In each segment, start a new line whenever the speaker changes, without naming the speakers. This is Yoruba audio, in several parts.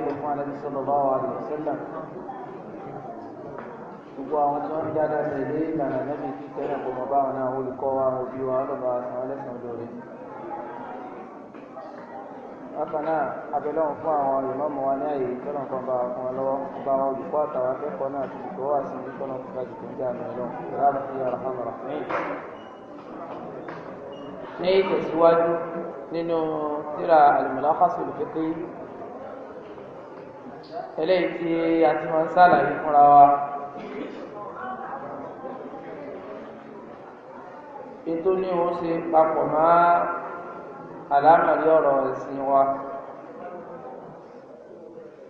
àlékún fún anábì sallallahu alaihi wasallam gbogbo àwọn tí wọ́n ń dáadáa tẹ̀lé ìlànà anábì tẹ́lẹ̀ kò mọ̀ báwọn náà olùkọ́ wa òbí wa ọlọ́ba àti wọn lẹ́sàn-án lórí
bákan náà abẹ́lẹ́wọ̀n
fún àwọn ìmọ̀mọ̀ wa ní àyè tọ́lọ̀ kan bá fún wọn lọ́wọ́ bá wọn olùkọ́ àtàwọn akẹ́kọ̀ọ́ náà ti dùkọ́ wá sí ní tọ́lọ̀ kan láti tẹ̀lé àmì ọlọ́run láàrín sí ara hàn rà
ní ìtẹ̀síwájú
nínú tíra al-Mulakhas al-Fiqhi eléyìí tí a ti máa ń sàlàyé fúnra wa ètò ní òun ṣe papọ̀ mọ́ àlámọ̀lé ọ̀rọ̀ ẹ̀sìn wa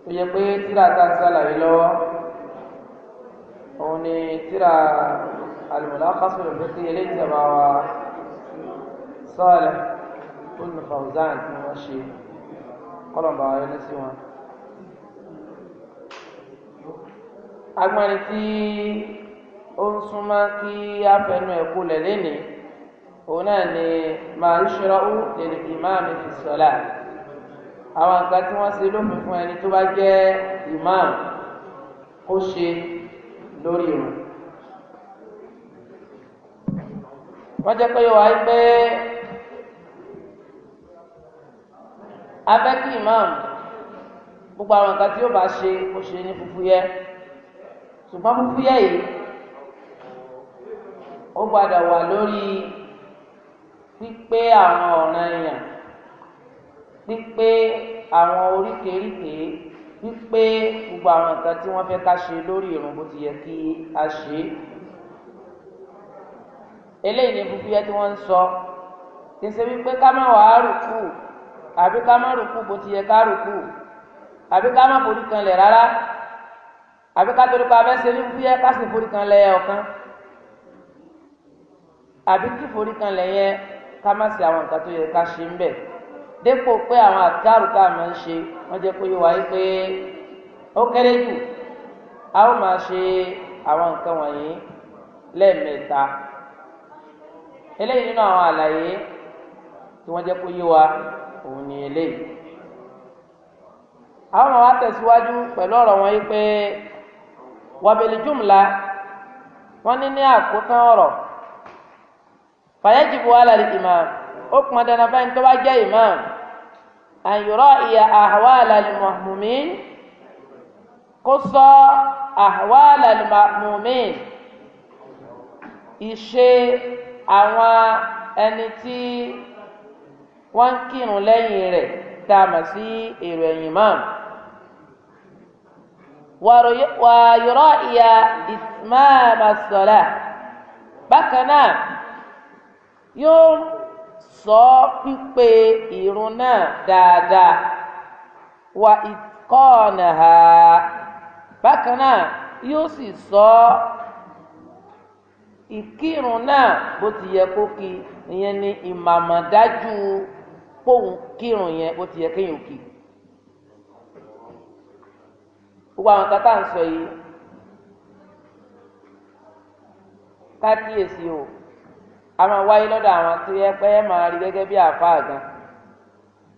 ó yẹ pé tíra tá a sàlàyé lọ́wọ́ òun ni tíra al-Mulakhasul Fiqhi eléyìí tí a bá wa Salih ibn Fawzan ni wọ́n ṣe kọ́lọ̀ bá wa yọ ní sí wọn. agbani tí ó ń súnmọ́ kí afẹnu ẹ̀ kulẹ̀ lẹ́nìí òun náà ni màá ṣọ́ọ́ lèlè ìmáàmì fi sọ́lá àwọn nǹkan tí wọ́n ṣe lófin fún ẹni tó bá jẹ́ ìmáàmù ó ṣe lórí irun. wọ́n jẹ́ pé wàá pé abẹ́kí ìmáàmù gbogbo àwọn nǹkan tí ó bá ṣe ó ṣe ní fúfú yẹ́ ṣùgbọ́n fúfúyẹ́ yìí ó padà wà lórí pípé àwọn ọ̀ràn èèyàn pípé àwọn oríkèéríkèé pípé gbogbo àwọn nǹkan tí wọ́n fẹ́ ká ṣe lórí ìrun bó ti yẹ kí a ṣe é eléyìí ni fúfúyẹ́ tí wọ́n ń sọ kì í ṣe wípé ká má wàá rùkù àbí ká má rùkù bó ti yẹ ká rùkù àbí ká má forí kanlẹ̀ rárá àbí ká torí pa abẹ́ ṣe ní fúyẹ́ ká sì forí kan lẹ̀ ọ̀kan àbí kí forí kan lẹ̀ yẹn ká má ṣe àwọn nǹkan tó yẹ ká ṣe ń bẹ̀ dépò pé àwọn àtàrù tá a máa ń ṣe wọ́n jẹ́ kó yé wa yí pé ó kéré jù a ó máa ṣe àwọn nǹkan wọ̀nyí lẹ́ẹ̀mẹ́ta eléyìí nínú àwọn àlàyé tí wọ́n jẹ́ kó yé wa òun ni eléyìí àwọn máa wá tẹ̀síwájú pẹ̀lú ọ̀rọ̀ wọn yí pé wàbẹ̀lì jùmùlá wọ́n ní ní àkótán ọ̀rọ̀ fàyẹ́jìbù alàlì imam ó pọn dandan báyìí tó bá jẹ́ imam àyùrọ̀ ìyá àhàwá alàlì mọ̀mùmí kó sọ àhàwá alàlì mọ̀mùmí ìṣe àwọn ẹni tí wọ́n kírun lẹ́yìn rẹ̀ tá sí èrò ẹ̀yìn mọ́ọ̀mù wàyọrọ ìyá ìsmáàmàsọlá bákan náà yóò sọ pípé ìrun náà dáadáa wà ìkọ́ọ̀nà ha bákan náà yóò sì sọ ìkírun náà bó ti yẹ kó kí ìyẹn ni ìmàmọ̀dájú póun kírun yẹn bó ti yẹ kéèyàn kí i. gbogbo àwọn kata n sọ yìí kákíyèsí o a máa wáyé lọ́dọ̀ àwọn tó yẹ pé ẹ máa rí gẹ́gẹ́ bí àáfàá gan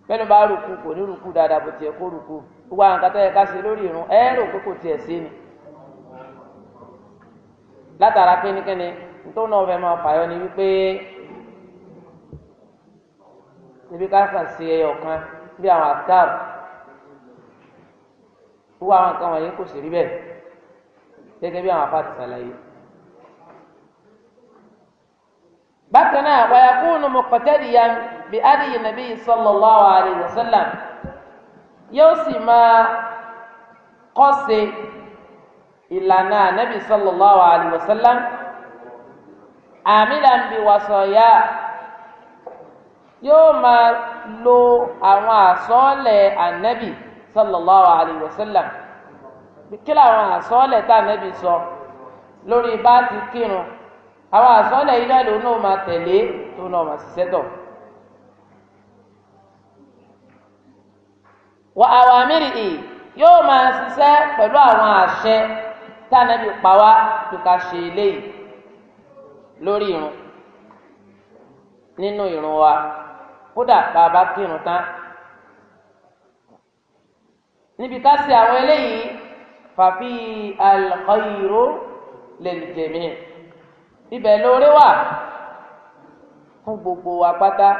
bẹ́ẹ̀ni bá rùkú kò ní rùkú dáadáa bó tiẹ̀ kó rùkú gbogbo yẹ ká ṣe lórí irun ẹ rò pé kò tiẹ̀ sí ni látara pé nìkẹ́ni náà ni wípé ibi ká kàn sí ẹyọ kan bí àwọn àtàrù. gbogbo àwọn nǹkan wọ̀nyí kò sì rí bẹ́ẹ̀ gẹ́gẹ́ bí àwọn afáàtì ṣàlàyé. bákan náà wàyà kúnnù muqtadiyan bí adìyẹ nàbí sallallahu alayhi wa sallam yóò sì máa kọ́sẹ̀ ìlànà nàbí sallallahu alayhi wa sallam àmìlà ń bi wàsọ̀yà yóò máa lo àwọn àsọ́ọ̀lẹ̀ ànábì sallallahu alayhi wa sallam kí làwọn àsọlẹ̀ tá ànábì sọ lórí bá ti kírun àwọn àsọlẹ̀ yìí náà lòun náà máa tẹ̀lé tó náà máa ṣiṣẹ́ tọ̀. wà àwàmírì ì yóò máa ṣiṣẹ́ pẹ̀lú àwọn àṣẹ tá ànábì pa wá tó ká ṣe eléyìí lórí irun nínú irun wa kódà bá a bá kírun tán níbi ká sí àwọn eléyìí fàfi alkhairu lil jami' ibẹ̀ lóore wà fún gbogbo wa pátá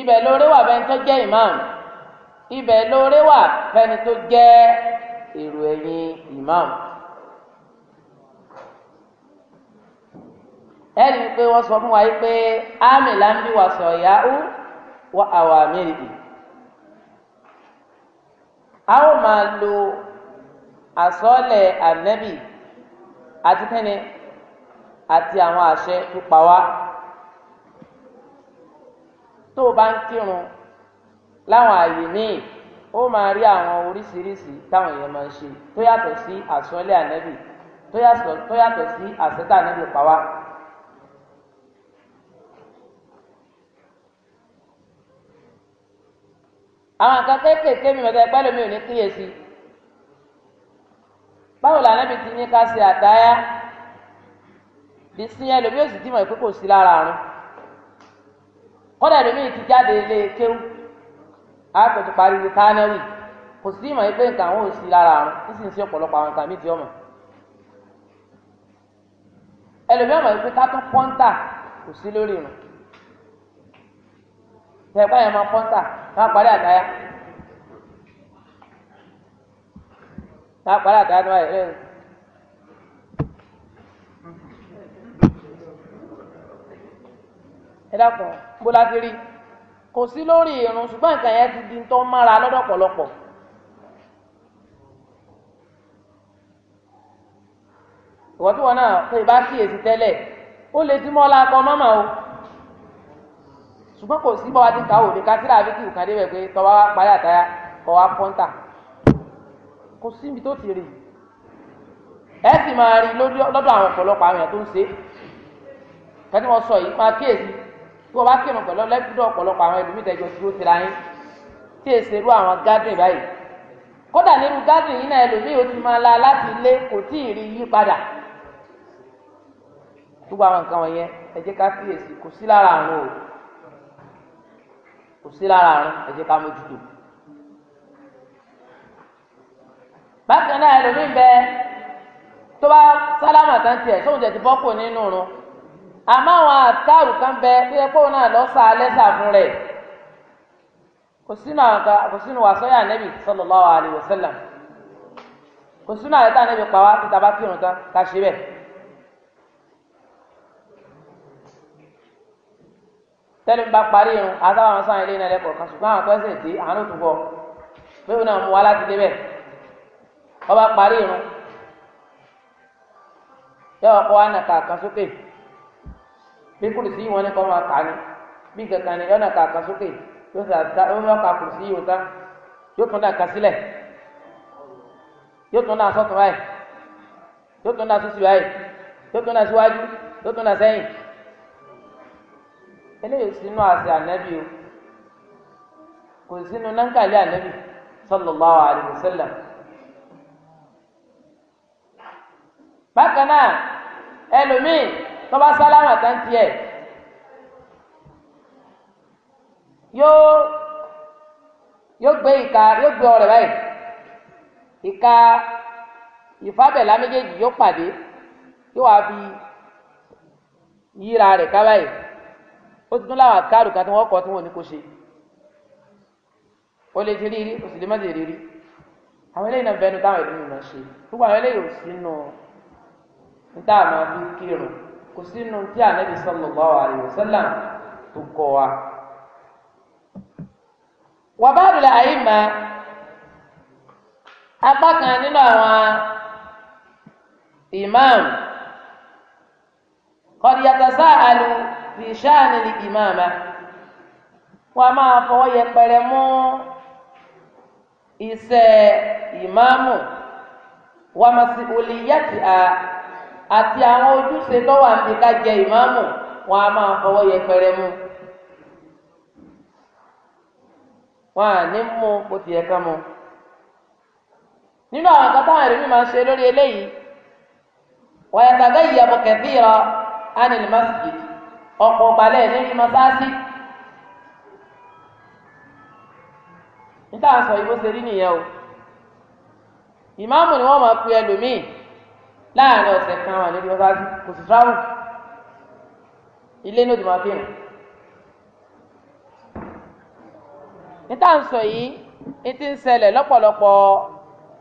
ibẹ̀ lóore wà fẹ́ni tó jẹ́ imam ibẹ̀ lóore wà fẹ́ni tó jẹ́ èrò ẹ̀yìn imam. ẹ̀rí pé wọ́n sọ fún wa yìí pé ámì là ń sọ̀ yáú wọ́n àwà mí rìbì a ó máa lo àsọ́ọ̀lẹ̀ ànẹ́bì àti kẹ́ni àti àwọn àṣẹ tó pa wá tó o bá ń kírun láwọn àyè míì ó máa rí àwọn oríṣiríṣi táwọn èèyàn máa ń ṣe tó yàtọ̀ sí àsọ́ọ̀lẹ̀ ànẹ́bì tó yàtọ̀ sí àṣẹ tá ànẹ́bì pa wá. àwọn nǹkan kéékèèké mi mẹ́ta ẹgbẹ́ lómi ò ní kíyèsí báwo la ti ní ká ṣe àtáyá bí sí ẹlòmí ò sì ti mọ̀ kò sí lára àrùn kọ́dà ẹlòmí ti jáde ilé e kéwù àpètù pariwo kánẹ́wì kò sí ìmọ̀ nǹkan àwọn ò sí lára àrùn sí ọ̀pọ̀lọpọ̀ àwọn nǹkan mi ti ọmọ ẹlòmí ọmọ pọ́ńtà kò sí lórí tẹ̀ ká parí àtàyà ká parí ya tó báyìí ẹ dákun bó la ti rí kò sí lórí irun ṣùgbọ́n nǹkan yẹn ti di tó ń lọ́dọ̀ pọ̀lọpọ̀. ìwọ́n náà bá kíyèsí tẹ́lẹ̀ ṣùgbọ́n kò sí bọ́wá tí ń ka òde ká tíra àbí kí ìkàdé rẹ̀ pé tọ́wá parí àtàyà kọ́ wá pọ́ńtà kò sí ibi tó ti rí ẹ sì máa rí lọ́dọ̀ àwọn ọ̀pọ̀lọpọ̀ àwọn èèyàn tó ń ṣe kẹ́tí wọ́n sọ yìí máa kíyèsí tí wọ́n bá kírun pẹ̀lú lẹ́gbẹ̀dọ̀ ọ̀pọ̀lọpọ̀ àwọn ẹlòmíì tẹ̀jọ́ tí ó ti ra yín tí èsè irú àwọn gádùn báyìí kódà nínú gádùn yìí náà ẹlòmíì ó ti máa la láti ilé kò tí ì rí yí padà gbogbo àwọn nǹkan wọ̀nyẹn ẹ jẹ́ ká kíyèsí kò sí lára àrùn o kò sí lára àrùn ẹ jẹ́ ká mójútó. bákan náà ẹlòmíín bẹ tó bá sálámà tán tiẹ̀ sóhun tẹ̀ ti bọ́kù nínú run àmọ́ àwọn àtàrù kan bẹ tó yẹ kóun náà lọ́ọ́ sá lẹ́sà fún rẹ̀ kò sínú àwọn kò sínú wàsóyà nẹ́bì sallallahu alaihi wasallam kò sínú àyẹ̀tà nẹ́bì pàwá tó tabá kírun tán ká ṣe bẹ́ẹ̀. tẹ́lẹ̀ ń bá parí irun àtàwọn sáà ilé náà lẹ́kọ̀ọ́ kan ṣùgbọ́n àwọn pẹ́sẹ̀ tí àánú tún bọ̀ pé òun náà mú wa láti ọba parí irun yọ ọkọ wa nàka kan sókè bí kùrìsì yìí wọn ni kọ́ máa kà ní bí kankan yọ nàka kan sókè yóò ka kùrìsì yìí wọn tán yóò tún nàka yóò tún báyìí yóò tún báyìí yóò tún síwájú yóò tún eléyìí sínú àṣẹ ànábì o kò sínú nankali ànábì sallallahu alaihi wasallam. bákan náà ẹlòmíì tó bá sálámà táǹkì ẹ yóò yóò gbé ìka yóò gbé ọrẹ báyìí ìka ìfábẹ̀lá méjèèjì yóò pàdé yóò wá fi yíra rẹ̀ ká báyìí ó ti tún láwọn àkàrò kan tí wọ́n kọ́ tí wọ́n ní kó ṣe ó lè ti rí rí ó sì lè má lè rí rí àwọn eléyìí náà bẹnu táwọn ìlú náà ṣe gbogbo àwọn eléyìí ò sínú níta àmọ́ bí kírun kò sínú tí ànábì sallallahu alaihi wasallam tó kọ́ wa. wà bá dùn láàyè mà apá kan nínú àwọn ìmáàmù kọ́díyàtọ̀ sáà alu fi ṣáàni lè ìmáàmá wọn a máa fọwọ́ yẹpẹrẹ mú iṣẹ́ ìmáàmù wọn a máa sì wòlé yàtì à àti àwọn ojúṣe tó wà ní ká jẹ ìmáàmù wọn a máa fọwọ́ yẹpẹrẹ mú wọn à ní mú kó tiẹ̀ ká mú nínú àwọn kan táwọn ẹ̀rí máa ṣe lórí eléyìí wọ́n yàtọ̀ gẹ́yìí abọ̀kẹ́bí rọ ánìlì masjid ọ̀pọ̀ balẹ̀ níbi mọ́sáàsì níta sọ ìbò ṣe rí nìyẹn o ìmáàmù ni wọ́n máa pe ẹlòmíì láàrin ọ̀sẹ̀ kan wà níbi mọ́sáàsì kò sì fáwọn ilé ní òdì máa fi hàn níta sọ yìí etí ń ṣẹlẹ̀ lọ́pọ̀lọpọ̀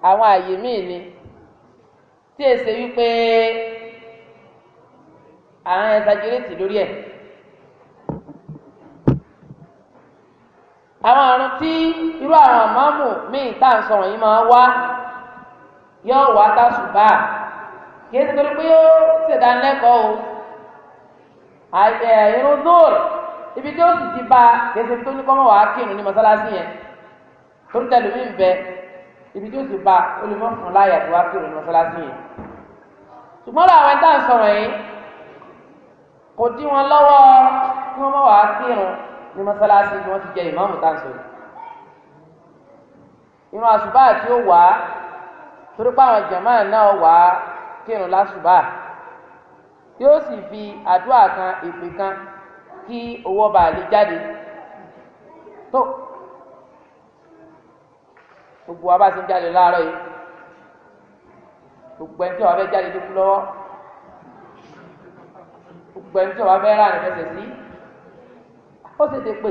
àwọn àyè míì ni tí èsè wípé àwọn ẹ̀sàgírẹ́tì lórí ẹ̀. àwọn àrùn tí irú àwọn àmọ́mù míì tá à ń sọ̀rọ̀ yìí máa wá yóò wá tásùbà kí ẹ ti torí pé ó ṣèdánilẹ́kọ̀ọ́ o àìbẹ̀ irun dóòlù ibi tí ó sì ti bá kí ẹ ti tó ní kọ́mọ̀ wá kírun ní mọ́sálásí yẹn torí tẹ̀lé mi ń bẹ ibi tí ó ti bá olùmọ̀fún láyà tó wá kírun ní mọ́sálásí yẹn ṣùgbọ́n làwọn ẹ̀ta ń sọ̀rọ̀ yìí kò dí wọn lọ́wọ́ kí wọ́n má wàá kírun ní mọ́sálásí ni wọ́n ti jẹ ìmáàmù táǹsì rẹ̀ irun àṣùbà tí ó wà á torí pé àwọn jàmáà náà wà á kírun láṣùbà tí ó sì fi àdúrà kan ìpè kan kí owó bá lè jáde tó gbogbo wa bá ti ń jáde láàárọ̀ yìí gbogbo ẹni tí wàá fẹ́ jáde tó lọ́wọ́ gbogbo ẹni tí ọba fẹ́ rà nífẹsẹ̀ sí ó ṣe ṣe pé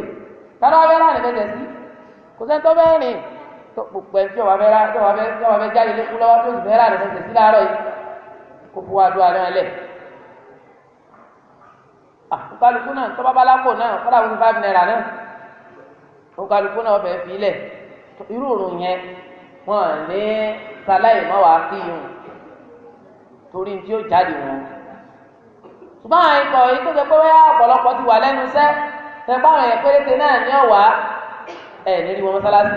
tani ọba fẹ́ rà nífẹsẹ̀ sí kò sẹ́ni tó fẹ́ rìn gbogbo ẹni tí ọba fẹ́ rà tí ọba fẹ́ tí ọba fẹ́ jáde lé kúlọ́wọ́ tó sì fẹ́ rà nífẹsẹ̀ sí láàárọ̀ yìí kó fún wa dúró àlẹ́ alẹ́ òkàlùkù náà tọ́ba balako náà kọ́lá wọn five naira náà òkàlùkù náà ọbẹ̀ fi lẹ̀ irú òrùn yẹn wọn ní sáláì má wàá yìí torí tí ó jáde wọn ṣùgbọ́n àwọn ikọ̀ yìí tó ṣe pé wáyà ọ̀pọ̀lọpọ̀ ti wà lẹ́nu iṣẹ́ ṣe pé àwọn èèyàn péréte náà ní ọ̀wá ẹ̀ nílùú wọn mọ́sálásì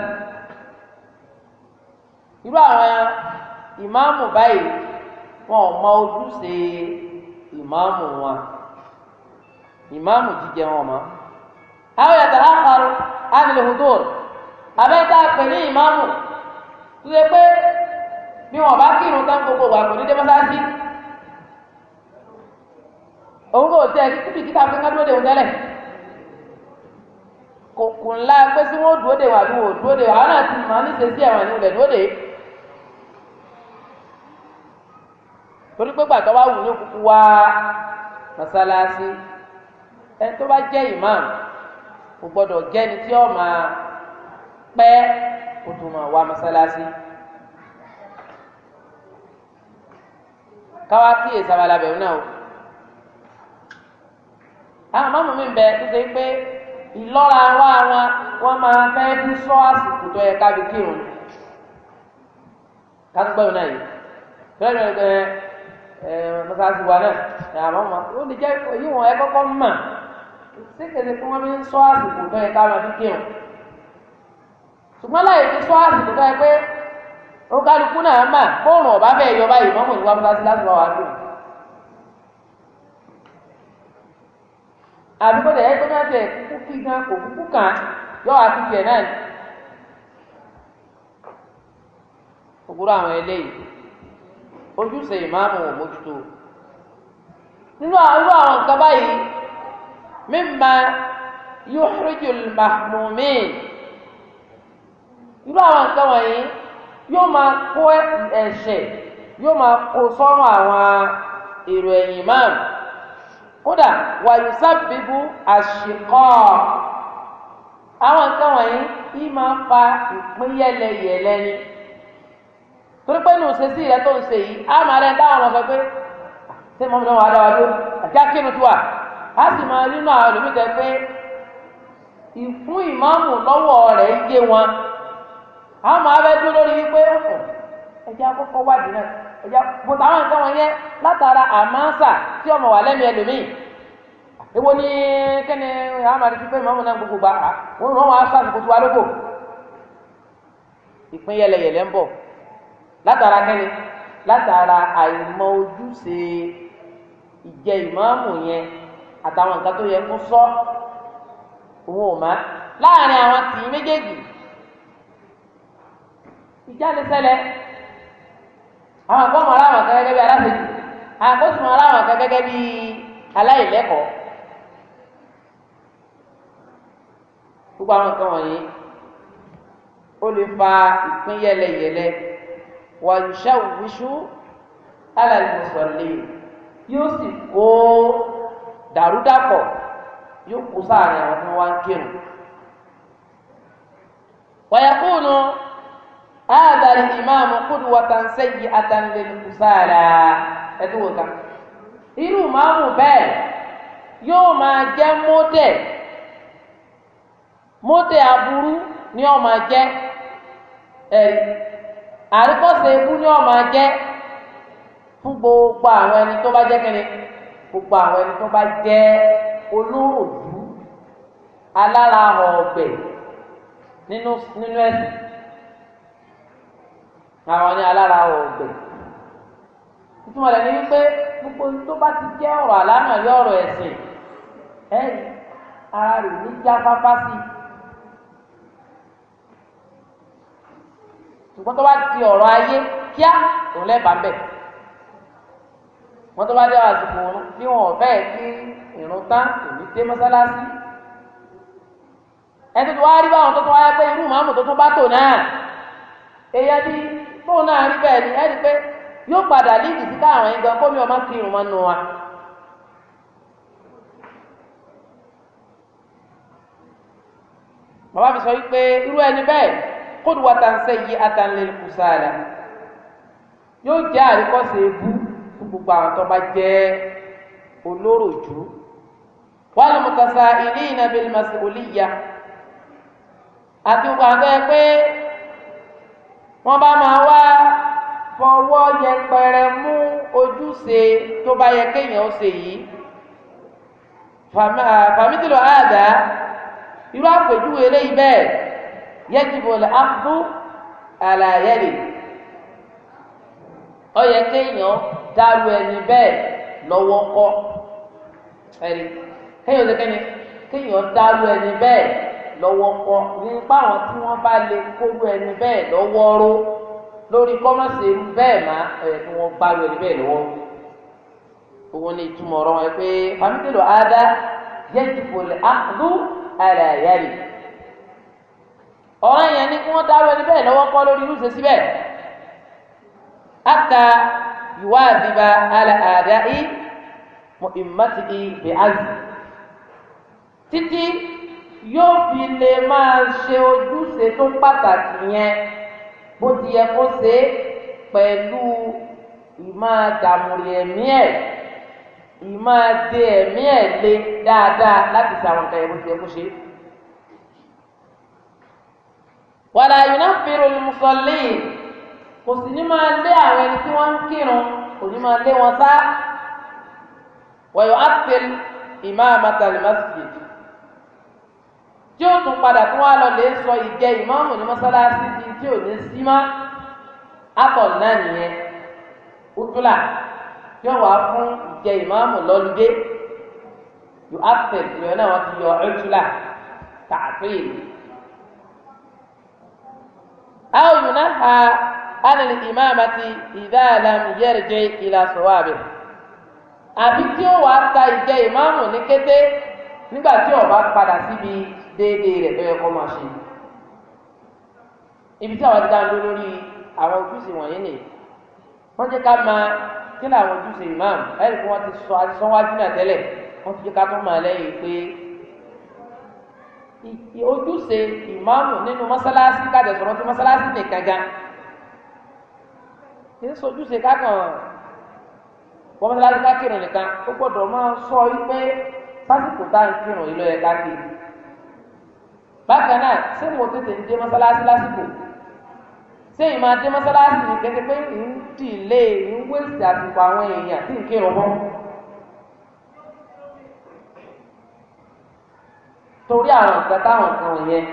irú àwọn ìmáàmù báyìí wọn ò mọ ojúṣe ìmáàmù wọn ìmáàmù jíjẹ wọn mọ́ àwọn yàtọ̀ àkàrò ànilẹ̀hùdùr abẹ́ta pè ní ìmáàmù tó ṣe pé bí wọn bá kírun tán gbogbo wà kò ní dé mọ́sálásì òun kò tẹ títí kíta pé ká dúró de òun tẹ́lẹ̀ kò ńlá pé sí wọn dúró de wà ní wò dúró de wà wọn náà ti mọ ní ṣe sí ẹ̀wọ̀n ní ilẹ̀ dúró de torí pé gbàtọ́ wa wù ní kúkú wá mọ́sálásí ẹni tó bá jẹ́ ìmáàmù kò gbọ́dọ̀ jẹ́ni tí ó máa pẹ́ kó máa wá mọ́sálásí. káwá kíyèsí abalabẹ̀rún náà o àwọn mọ́mú mi bẹ̀ tó ṣe pé ìlọ́ra wá wọn wọ́n máa fẹ́ bí sọ àsìkò tó yẹ kábi kírun kágbọ́ ìwọ̀n náà yìí bẹ́ẹ̀ ni mọ́sáàsì wa náà àwọn ọmọ ó lè jẹ́ èyí wọn ẹ kọ́kọ́ mọ̀ síkèsè kí wọ́n fi ń sọ àsìkò tó yẹ kábi kírun ṣùgbọ́n láyé fi sọ àsìkò tó yẹ pé ó kálukú náà mà kóòrùn ọ̀bá bẹ́ẹ̀ yọ báyìí mọ́mú ìwà mọ́sáàsì láti wá wá kírun. àdúgbò tẹ̀ ẹ́ pé náà tẹ̀
kúkú kí gan kò kúkú
kàn yọ àti tiẹ̀ náà ni. òwúrọ̀ àwọn eléyìí ojúṣe ìmáàmù ò mójútó nínú irú àwọn nǹkan báyìí mímà yóò mahmumi irú àwọn nǹkan wọ̀nyí yóò máa kó ẹ̀ṣẹ̀ yóò máa kó sọ́run àwọn èrò ẹ̀yìn máàmù kódà wàyùsábìbù àṣìkọ́ àwọn nǹkan wọ̀nyí yìí máa ń fa ìpín yẹlẹyẹlẹ ni torí pé nù ṣe sí ilẹ̀ tó ń ṣe yìí á máa rẹ̀ dáhùn ọmọ sọ pé ṣé mọ́mí náà wà á dá wa dúró àti akínú tó wà á sì máa nínú àwọn olùmíjẹ pé ìfún ìmáàmù lọ́wọ́ rẹ̀ ń gé wọn á máa bẹ́ dúró lórí wípé ẹ̀jẹ̀ akọ́kọ́ wádìí náà ẹ̀jẹ̀ bùtà àwọn nǹkan wọ̀nyẹn látara àmásà tí ọmọ wà lẹ́mìí ẹlòmíì èwo ni kẹ́ni amadi ti pé mọ́mọ́ náà gbogbo gbà á wọ́n mọ́ wọn aṣáájú kó tó wa lóko ìpín yẹlẹyẹlẹ ń bọ̀ látara kẹ́ni látara àìmọ̀ ojúṣe ìjẹ ìmáàmù yẹn àtàwọn nǹkan tó yẹ kó sọ òun ò má láàrin àwọn tì í méjèèjì ìjà lè ṣẹlẹ̀ àwọn àkọ́ mọ̀ aláwọ̀ kan gẹ́gẹ́ bí aláṣejù àwọn àkọ́ sì mọ̀ aláwọ̀ kan gẹ́gẹ́ bí aláìlẹ́kọ̀ọ́ gbogbo àwọn nǹkan wọ̀nyí ó lè fa ìpín yẹlẹyẹlẹ wàyíṣẹ́ òwúṣú alàlùmọ̀sọ̀lẹ̀ yóò sì kó dàrúdàpọ̀ yóò kó sáàrin àwọn tí wọ́n wá ń kírun. wàyà kúùnù. هذا الإمام قدوة سيئة للكسالى ẹtúwò iru irú màmú bẹ́ẹ̀ yóò máa jẹ́ mọ́tẹ̀ mọ́tẹ̀ aburú ni ọ máa jẹ́ ẹ̀rí àríkọ́sẹ̀ ebú ni ó máa jẹ́ gbogbo àwọn ẹni tó bá jẹ kẹ́ni gbogbo àwọn ẹni tó bá jẹ olóòdú alára ọgbẹ nínú àwọn ní alára ọ̀gbẹ̀ ìtumọ̀ rẹ̀ ni wípé gbogbo tó bá ti jẹ́ ọ̀rọ̀ àlánà yọ ọ̀rọ̀ ẹ̀sìn ẹ̀rí ara rẹ̀ ní jáfáfá sí i ṣùgbọ́n tó bá ti ọ̀rọ̀ ayé kíá òun lẹ́ẹ̀bà ń bẹ̀ wọ́n tó bá dé àsìkò òun bí wọn ò fẹ́ẹ̀ kí ìrún tán èmi dé mọ́sálásí ẹni tó wá rí báwọn tó tó wáyé pé irú màmù tó tún bá tò náà èyí á bí bóun náà rí bẹ́ẹ̀ ni ẹ rí i pé yóò padà lídì sí káwọn ẹ̀yìn gan kómi ọmọ kírun wọn nù wa. bàbá mi sọ wípé irú ẹni bẹ́ẹ̀ kóòdù wa ta ń sẹ́ yí atanlẹ̀ kù sáàlà yóò jẹ́ àríkọ́sẹ̀ ebú fún gbogbo àwọn tó bá jẹ́ olóròjú wàlú mutasa ìlí ìnàbẹ̀lì màsíkòlì yá àti gbogbo pé wọ́n bá máa wá fọwọ́ yẹpẹrẹ mú ojúṣe tó bá yẹ kéèyàn ó ṣe yìí fàmítìlọ àdá irú àpèjúwe eléyìí bẹ́ẹ̀ yẹtìbò lè ápù àlàyé rè ó yẹ kéèyàn dárú ẹni bẹ́ẹ̀ lọ́wọ́ kọ́ ẹ̀rí kéèyàn ó ṣe kéèyàn kéèyàn ẹni bẹ́ẹ̀ lọ́wọ́ kọ́ nípa àwọn tí wọ́n bá lè kóró ẹni bẹ́ẹ̀ lọ́wọ́ ró lórí kọ́mọ̀sì bẹ́ẹ̀ má ẹ̀ kí wọ́n bá lu ẹni bẹ́ẹ̀ lọ́wọ́ òun ni ìtumọ̀ ọ̀rọ̀ wọn pé pàmíkìlò ada yẹ́tìfò lè àdú ara ẹ̀yà rè ọ̀rọ̀ yẹn ni kí wọ́n dáró ẹni bẹ́ẹ̀ lọ́wọ́ kọ́ lórí irúṣẹ́ síbẹ̀ àtà ìwà àdìbà àlà àdá ì mọ̀ ìmọ̀tì ì àzì títí yóò fi lè máa ṣe ojúṣe tó pàtàkì yẹn bó ti yẹ kó ṣe pẹ̀lú ìmáàdàmúrì ẹ̀mí ẹ̀ ìmáàdé ẹ̀mí ẹ̀ lé dáadáa láti ṣàwọn kan yẹn bó ti yẹ kó ṣe. wàlá yunafiru musallin kò sì ní máa lé àwọn ẹni tí wọ́n ń kírun kò ní máa lé wọn sá wọ̀yọ̀ ápẹ́lì ìmáàmátàlì masjid tí ó tún padà tún wá lọ lè sọ ìjẹ ìmáàmù ní mọ́sálásí di tí ò ní sí mọ́ àtọ̀ náà nìyẹn kútúlà tí ó wà fún ìjẹ ìmáàmù lọ́lùdé yóò àfẹ́ ìrẹ̀ náà wọ́n ti yọ ẹ̀túlà tààfin. àwọn yóò náà ha ánìlì ìmáàmàtì ìdá yẹ́rìjẹ́ ìlà àbí tí ó wà ta ìjẹ ìmáàmù ní kété nígbà tí ó padà síbi déédéé rẹ̀ lọ́yẹ kọ́ máa ṣe ibi táwọn dá ló lórí àwọn ojúṣe wọ̀nyí ni wọ́n jẹ́ ká máa kí ni àwọn ojúṣe imam ẹ̀rí kí wọ́n ti sọ àtisọ́wájú náà tẹ́lẹ̀ wọ́n ti jẹ́ ká tó máa lẹ́yìn pé ojúṣe ìmáàmù nínú mọ́sálásí kájọ sọ̀rọ̀ tí mọ́sálásí nìkan gan kì í sojúṣe kákan wọ́n mọ́sálásí ká kírun nìkan ó gbọ́dọ̀ máa sọ wípé sásìkò tá à ń kírun ìlú ẹ̀ ká kírun bákan náà ṣé mo tètè ń dé mọ́sálásí lásìkò ṣé ìmọ̀ adé mọ́sálásí ní kété pé ń dìlé ń wéṣì àsìkò àwọn èèyàn tí ń kírun mọ́. torí àwọn nǹkan táwọn kan wọ̀nyẹn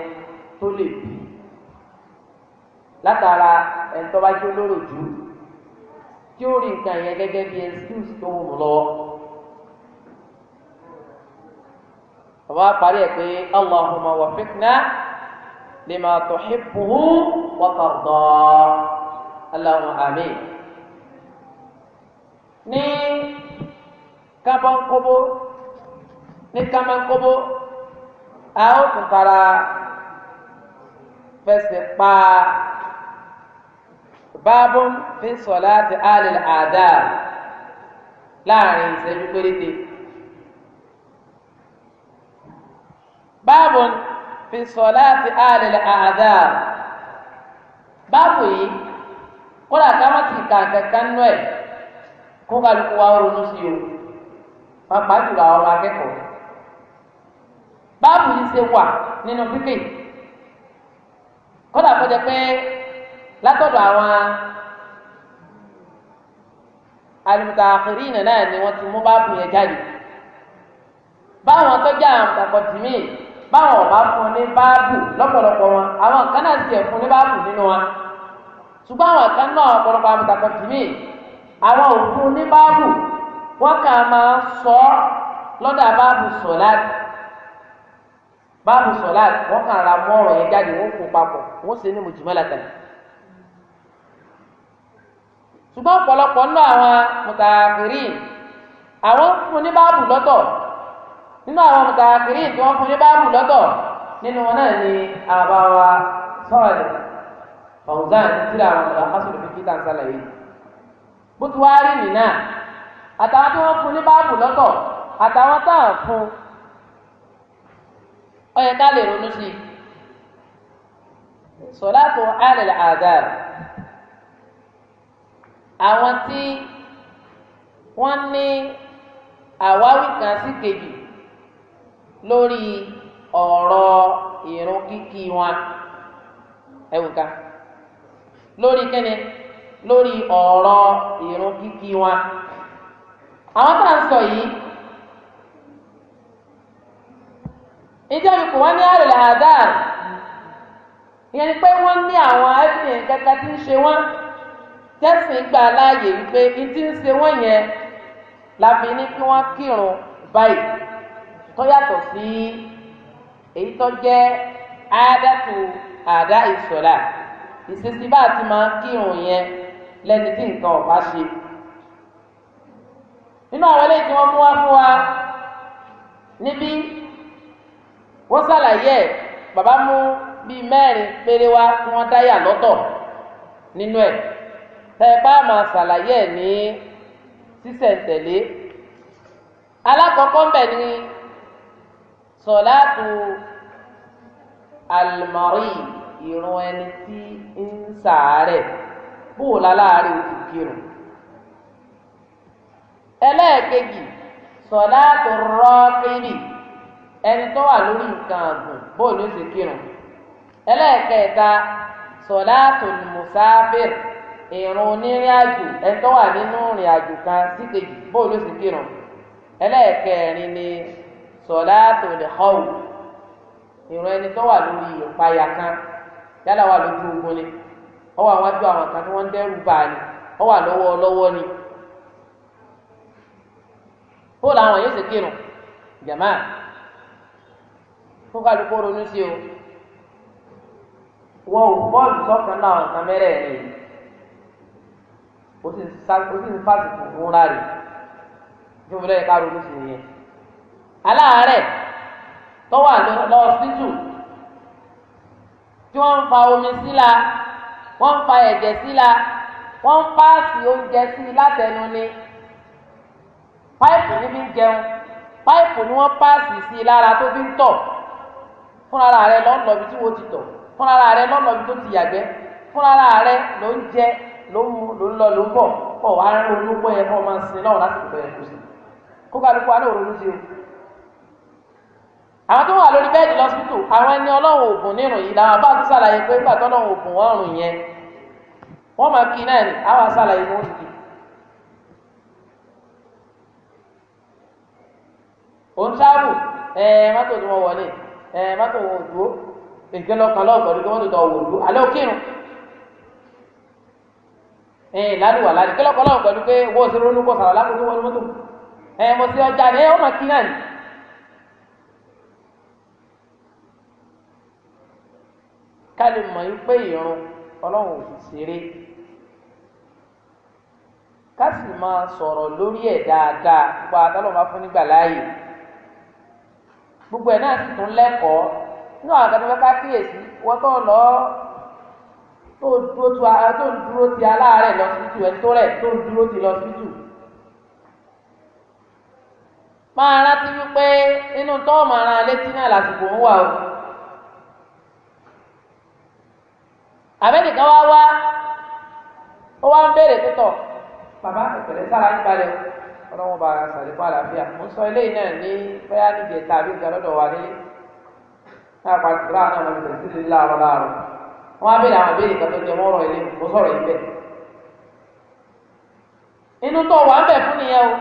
tó lè bí látara ẹ̀ńtọ́ bá jó lóró jù kí ó rí nǹkan yẹn gẹ́gẹ́ bí excuse tó wù lọ́wọ́. wọ́n á parí ẹ̀ pé allahumma wafiqna lima tuhibbuhu wa tarda allahumma amin. ní kábọ̀nkóbó ní kámánkóbó a ó tún kára fẹsẹ̀ pa báàbù fi sọ̀láàtì alẹ́ àdáà láàrin ìṣẹ́jú péréte. báàbò fi sọ láti àlèlè àdá báàbò yìí kódà ká má ti kà kankan nú ẹ kó kálukú wa ronú sí o pàápàá jùlọ àwọn ọmọ akẹ́kọ̀ọ́ báàbò yìí ṣe wà nínú pípé kódà kó pé látọ̀dọ̀ àwọn alùpùpù náà ni wọ́n ti mú báàbò yẹn jáde báwọn tó jẹ́ àwọn àkọ́tìmíì báwọn ọba fún ní báàbù lọ́pọ̀lọpọ̀ wọn àwọn kan náà ti ẹ̀ fún ní báàbù nínú wọn ṣùgbọ́n àwọn kan náà ọ̀pọ̀lọpọ̀ àmọ̀tàkọ̀ tìmí àwọn òfin ní báàbù wọn kà máa sọ lọ́dà báàbù sọ̀láàtì báàbù sọ̀láàtì wọn kà ra mọ́ ọ̀rọ̀ yẹn jáde wọn kó papọ̀ wọn sì ní mùjìmọ́látà ṣùgbọ́n ọ̀pọ̀lọpọ̀ náà àwọn mùtàkìrì àwọn fún ní báàbù lọ́tọ̀ nínú àwọn mùtàkìrì tí wọ́n fún ní báàbù lọ́tọ̀ nínú wọn náà ni àbá wa sọ́ọ̀lì fọ̀wùzán tíra àwọn ọ̀dọ́ fásitì fi kíta sálàyé bó ti wá rí nìyà àtàwọn tí wọ́n fún ní báàbù lọ́tọ̀ àtàwọn táà fún ó yẹ ká sí i sọ̀látò àlẹ́ àwọn tí wọ́n ní àwáwí kan sí kejì lórí ọ̀rọ̀ ìrun kíkí wọn ẹ̀wùká lórí kẹ́ni lórí ọ̀rọ̀ ìrun kíkí wọn àwọn tá à ń sọ yìí ìjẹ́ ìpò wọn ní àrùlẹ̀ àdáà ìyẹn ni pé wọ́n ní àwọn ẹ́sìn kankan tí ń ṣe wọ́n tẹ́sìn gbà láàyè wípé ní ń ṣe wọ́n yẹn la ní kí wọ́n kírun báyìí tó yàtọ̀ sí èyí tó jẹ́ àádàtò àdá ìṣọ̀lá ìṣesí bá ti máa kírun yẹn lẹ́ni tí nǹkan ọ̀bá ṣe nínú àwọn eléyìí tí wọ́n mú wá fún wa níbí wọ́n ṣàlàyé ẹ̀ bàbá mú bíi mẹ́rin péré wá tí wọ́n dáyà lọ́tọ̀ nínú ẹ̀ tẹ́pá máa ṣàlàyé ẹ̀ ní sísẹ̀ntẹ̀lé alákọ̀ọ́kọ́ ń bẹ̀ ni sọ̀láàtù àlùmọ́rì ìrun ẹni tí ń sàárẹ̀ bóòlá láàrin oṣù kírun ẹlẹ́ẹ̀kejì sọ̀láàtù rọ́ọ̀kìrì ẹni tó wà lórí nǹkan àgùn bóòlù oṣù kírun ẹlẹ́ẹ̀kẹta sọ̀láàtù mùsáfìr ìrun onírìnàjò ẹni tó wà nínú ìrìn àjò kan síkejì bóòlù oṣù kírun ẹlẹ́ẹ̀kẹrin ni sọlá tó lè họwù ìran ẹni tó wà lórí ìpayà kan yálà wà lójú ogun ni ó wà wájú àwọn kan tí wọ́n ń dẹ́rù bá a ni ó wà lọ́wọ́ lọ́wọ́ ni ó làwọn yóò ṣe kírun jàmá kó kálukó ronú sí o wọn ò bọ́ọ̀lù sọ́kàn náà nǹkan mẹ́rẹ̀ẹ̀rin yìí ó sì ń fásitì fúnra rẹ̀ jùmọ̀lẹ́ ká ronú sí nìyẹn. aláàárẹ̀ tó wà lọ́ọ́sítù tí wọ́n ń fa omi síla wọ́n ń fa ẹ̀jẹ̀ síla wọ́n ń paasi oúnjẹ sí i látẹnu ni páìpù níbi ń jẹun páìpù ni wọ́n paasi sí i lára tó fi ń tọ̀ fúnra rẹ ti tọ̀ fúnra rẹ tó ti yàgbẹ́ fúnra rẹ ló ń jẹ ló ń ń lọ ló ń bọ̀ ọ̀ wá ń ronú máa sin náà àwọn tó wà lórí bẹ́ẹ̀dì lọ́sítù àwọn ẹni ọlọ́run ògùn nírun yìí làwọn bá ti ṣàlàyé pé nígbà tó ọlọ́run ògùn wọn rùn yẹn wọ́n máa kí náà ní àwọn ṣàlàyé wọn sì kí. òun tí wọ́n wọlé ẹ wọn dúró nǹkan lọ́kàn lọ́gbọ̀n ní mọ́tò tó wò dúró alẹ́ òkírun ẹ ládùúgbò aládùúgbò kí lọ́kàn lọ́gbọ̀n pẹ̀lú pé wọ́n ti ronú lápò tó wọ́n ní mọ́tò ẹ ọjà ni ẹ kí náà ní. ká lè mọ̀ yín pé ìrun ọlọ́run ò fi ṣeré ká sì máa sọ̀rọ̀ lórí ẹ̀ dáadáa gbogbo àtọ́lọ́mọ fún nígbà láàyè gbogbo ẹ̀ náà sì tún lẹ́kọ̀ọ́ inú àwọn akẹ́kọ̀ọ́ ká kíyèsí wọ́n tó lọ tó dúró tu ara tó ń dúró ti aláàárẹ̀ lọ sí tù ẹni tó rẹ̀ tó ń dúró ti lọ sí máa rántí wípé nínú tó máa ran létí náà lásìkò ń wà o. àbẹ́nìkan wá wá ó wá ń béèrè pípọ̀ bàbá ìpẹ̀lẹ́ sára ń balẹ̀ ọlọ́wọ́n bá ara sàlẹ̀ fún àlàáfíà mo ń sọ eléyìí náà ní bóyá níjẹ̀ tàbí nǹkan lọ́dọ̀ wa nílé náà pàtó láàrin àwọn ìbẹ̀rẹ̀ sí lílá ọ̀rọ̀ láàrọ̀ wọ́n á béèrè àwọn ìbéèrè kan tó jẹ mọ́ ọ̀rọ̀ ilé mo sọ̀rọ̀ yìí bẹ̀. inú tó wà ń bẹ̀ fún nìyẹn o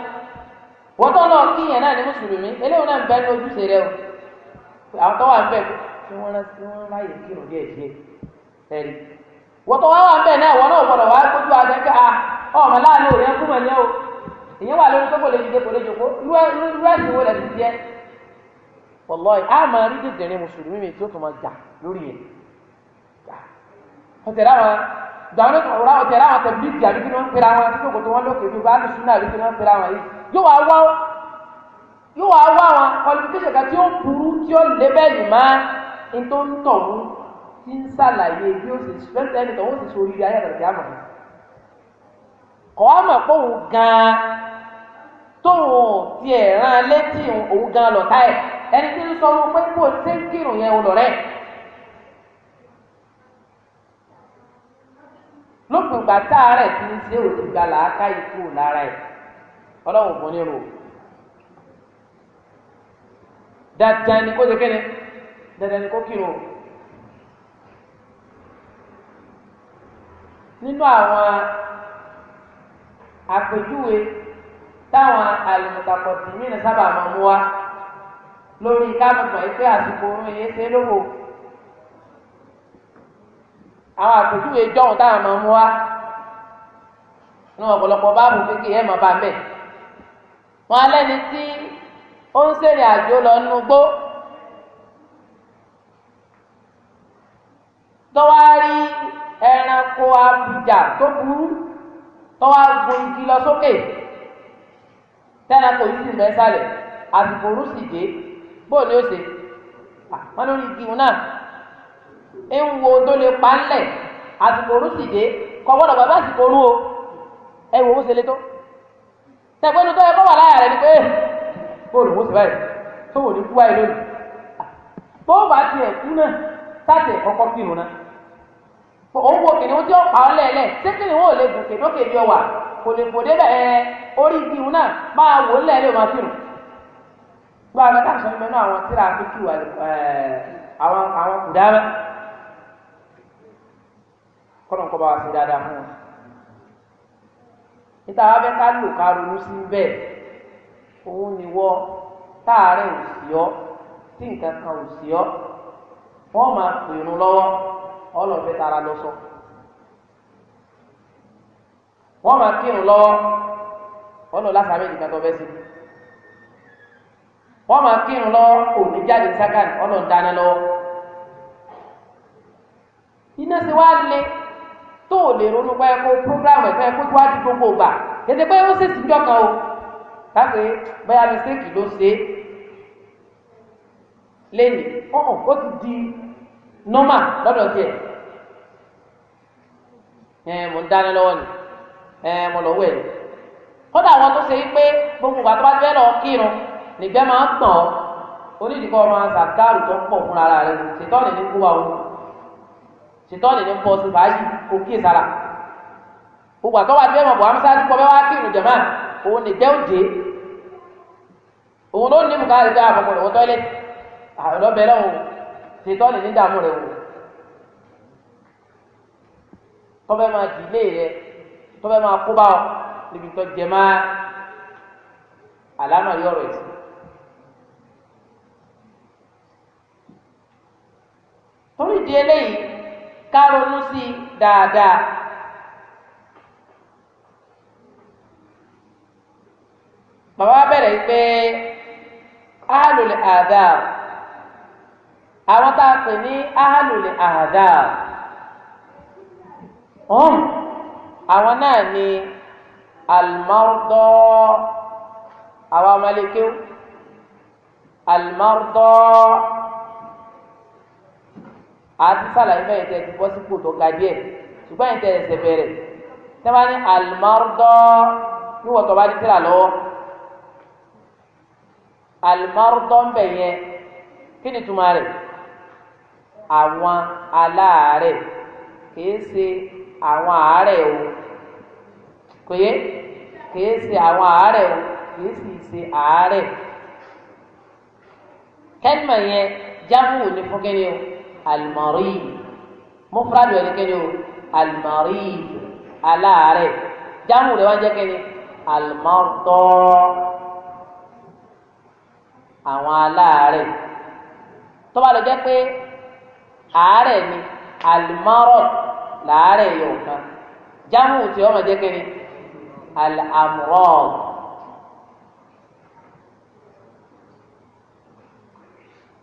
wọ́n tó lọ kí yẹn náà ní mùsùlùmí eléyìí náà ń bẹ ní ojúṣe o àwọn tó wà ẹ̀rí wọ́n tó wá wà bẹ́ẹ̀ náà wọ́n náà gbọ́dọ̀ wá kójú àgbẹ̀ pé ah ọmọ láàánú ò yẹn kú mọ̀ yẹn o ìyẹn wà lórí kókò lè dìde kò lè jòkó irú ẹ̀sìn wo lẹ̀ ti jẹ́ wọ́lọ́ yìí a máa rí dìdìrín mùsùlùmí mi tí ó tún máa jà lórí yẹn ọ̀tẹ̀ láwọn gbàwọn ọ̀rá ọ̀tẹ̀ láwọn tẹ̀ bí ìjà bíbí wọn pera wọn tí kò tó wọn lókè bí wọn á lù sínú àbíbí wọn pera wọn yìí yóò wá wá wọn qualification kan tí ó burú tí ó lé bẹ́ẹ̀ ní máa ń tó ń tọ̀ wọn tí ń ṣàlàyé bí ó ṣe fẹ́ẹ́ ẹni tó ń ṣe sórí ayé àtàlẹ́ àmọ̀ ni kọ́ àmọ̀ pé òun gan-an tóun tiẹ̀ rán létí òun gan-an lọ́tà ẹ̀ ẹni tí ń sọ wọn pé kó o ṣe ń kírun yẹn òun lọ́rẹ́ lópin ìgbà tá a rẹ̀ ti ń ṣe òtún gba làákà ikú lára ẹ̀ ọlọ́run kò ní rò dandan ni kó ṣe kéde dandan ni kó kírun o. nínú àwọn àpèjúwe táwọn àlùmọ̀tàkọ̀tì mìíràn sábà máa mú wa lórí kámọ̀tàn yìí pé àsìkò oorun yìí ṣe lówó àwọn àpèjúwe jọ̀hún táwọn máa mú wa ní ọ̀pọ̀lọpọ̀ báàbù kékeré ẹ̀ máa bá bẹ̀ wọn alẹ́ ni tí ó ń sẹ́rìn àjò lọ nínú gbó. tọ́wárí ẹranko abìjà tó burú tọ́wọ́ agbo igi lọ sókè tẹ́ranko yìí sì ń bẹ sálẹ̀ àsìkò òru sì dé bóò ni ó ṣe wọn lórí igi wọn náà ń wo tó lè pa ńlẹ̀ àsìkò òru dé kọ gbọ́dọ̀ bàbá àsìkò òru o ẹ wò ó ṣe lé tó tẹ̀gbẹ́ni tó yẹ kó wà láyà rẹ̀ ni pé bóòlù ó sì báyìí tó wò ní kú báyìí lónìí bó bá tiẹ̀ kú náà sátẹ̀ ọkọ̀ kírun náà. òun wo kìnìún tí ó pa ọ́ lẹ́ẹ̀lẹ́ ṣé kìnìún ò lè gùn kìnìún kìnìún ọ̀wà kò lè kò débẹ̀ ẹ orí ìdíhun náà máa wò ó lẹ́ẹ̀lẹ́ wọn kírun. gba àwọn mẹ́nu àwọn tíra fíkì wà àwọn àwọn kù dáná. kọ́nà kọ́ bá wa dáadáa fún wọn. ọlọ́ọ̀fẹ́ tara lọ sọ. wọn ma kírun lọ́wọ́ wọ́n lọ lásàmì ìdìkan tó fẹ́ sí i. wọ́n máa kírun lọ́wọ́ òní jáde sákàn ọlọ́ọ̀ dáná lọ́wọ́. iná sì wá lé tó o lè ronú pé kó programu gbogbo gbà kété pé ó ẹ mò ń dáná lọ́wọ́ ni ẹ mò lọ wẹ̀ ni kódà àwọn tó ṣe pé gbogbo ìgbà tó bá fẹ́ lọ kírun nígbẹ́ máa ń tàn ọ́ onídìíkọ́ ọmọ àṣàkárù tó pọ̀ fún ara rẹ̀ ṣètọ́ni ní kú wa o ṣètọ́ni ní bọ́ sí fàájì kò kí ìsara gbogbo àtọ́ wa fẹ́ mọ̀ bọ̀ amúsáájú kọ́ bẹ́ wá kírun jẹ̀mọ́ òun nígbẹ́ òjé òun ló ní bùkárì pé àbọ̀kọ̀ lọ́wọ́ tọ́lẹ̀ àlọ́bẹ̀rẹ̀ òun ṣètọ́ni ní dààmú rẹ̀ òun tọ́fẹ́ máa dìlé rẹ tọ́fẹ́ máa kó bá ọ níbi tó jẹ máa àlànà yọrọ ẹ̀sìn. torí di eléyìí ká ronú sí i dáadáa. bàbá bẹ̀rẹ̀ pé ahalùlẹ̀ àdáà àwọn tá a pè hum àwọn náà ni almardo àwa ọmọlẹ́kẹ́ almardo àti sàlàyé bẹ́ẹ̀ tẹ́ ti bọ́ sípò tó ga díẹ̀ ṣùgbọ́n yìí tẹ́ ẹsẹ̀ bẹ̀rẹ̀ tẹ́wá ní almardo níwọ̀n tó bá di lọ́wọ́ almardo ń bẹ̀ yẹn kí ni túmọ̀ rẹ̀ àwọn aláàárẹ̀ kìí ṣe àwọn àárẹ̀ o pé kìí ṣe àwọn àárẹ̀ o kìí sì ṣe àárẹ̀ kẹ́lìmọ̀ yẹn jámù ní fún kẹ́lẹ́ o àlùmọ̀rí mufradu ẹni kẹ́lẹ́ o àlùmọ̀rí aláàárẹ̀ jámù rẹ̀ wá jẹ́ kẹ́lẹ́ àlùmọ̀tọ́ àwọn aláàárẹ̀ tó bá lọ jẹ́ pé àárẹ̀ ni àlùmọ̀rọ̀ làárẹ̀ yóò kan jámù tí ọmọ jẹ́ kẹ́ni al-amrad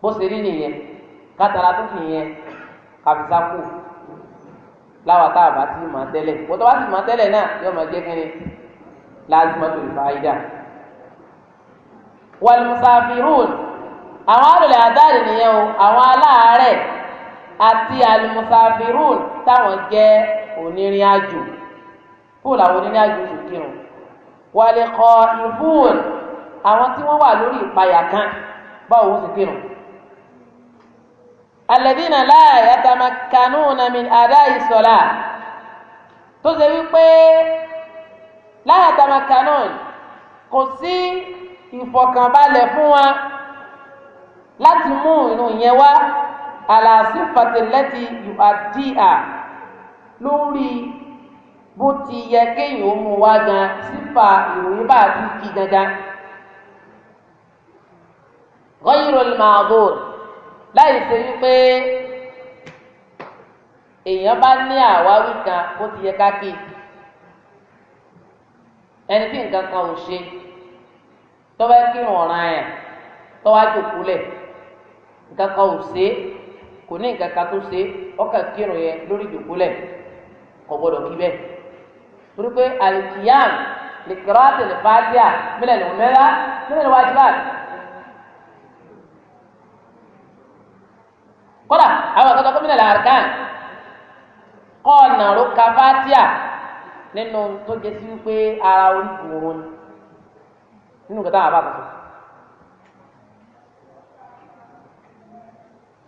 bó ṣe rí nìyẹn kátàlá tó fi yẹn kàfíṣàkù láwa tá a bá ti mọ̀ tẹ́lẹ̀ wọ́n tó bá ti mọ̀ tẹ́lẹ̀ náà yóò máa jẹ́ kínní lazimatul fa'ida. wal musafirun àwọn àlùlẹ̀ àdáàdì nìyẹn o àwọn aláàárẹ̀ àti alimusafirun táwọn jẹ́ onírìn àjò fóònù àwọn onírìn àjò sì kírun wàlẹ̀ kọ́ ìfún àwọn tí wọ́n wà lórí ìpayà kan báwo wọ́n sì kírun.
alẹ́dínà láàyè
àtàmàkánú nàmì àdá ìsọ̀lá tó ṣe wípé láàyè àtàmàkánú kò sí ìfọ̀kànbalẹ̀ fún wa láti mú irun yẹn wá àlàsífàtìlẹ́tì yu'addiha lórí bó ti yẹ kéèyàn ó mú wá gan sífà ìròyìn bá ti kí gangan. ghayrul ma'dhur láì ṣe wípé èèyàn bá ní àwáwí kan ó ti yẹ káàkiri ẹni tí nǹkan kan ò ṣe tọ́wọ́ kírun ọ̀ràn ẹ̀ tọ́wọ́ àjòkúlẹ̀ nǹkan kan ò ṣe é kò ní nǹkan kan tó ṣe ọkàn kírun yẹn lórí ìdòkúlẹ̀ kò gbọdọ̀ kí bẹ́ẹ̀ torí pé alikiyam likira tẹlẹ fàtíà mílẹ̀ ní mẹ́la mílẹ̀ ní wájú báyìí. kódà àwọn akẹ́kọ̀ọ́ kọ́ mílẹ̀ ní arkan kọ́ ọ̀nà ló ka fàtíà nínú tó jẹ́ sí wípé ara orí kùn wọn nínú kẹta àbá tuntun.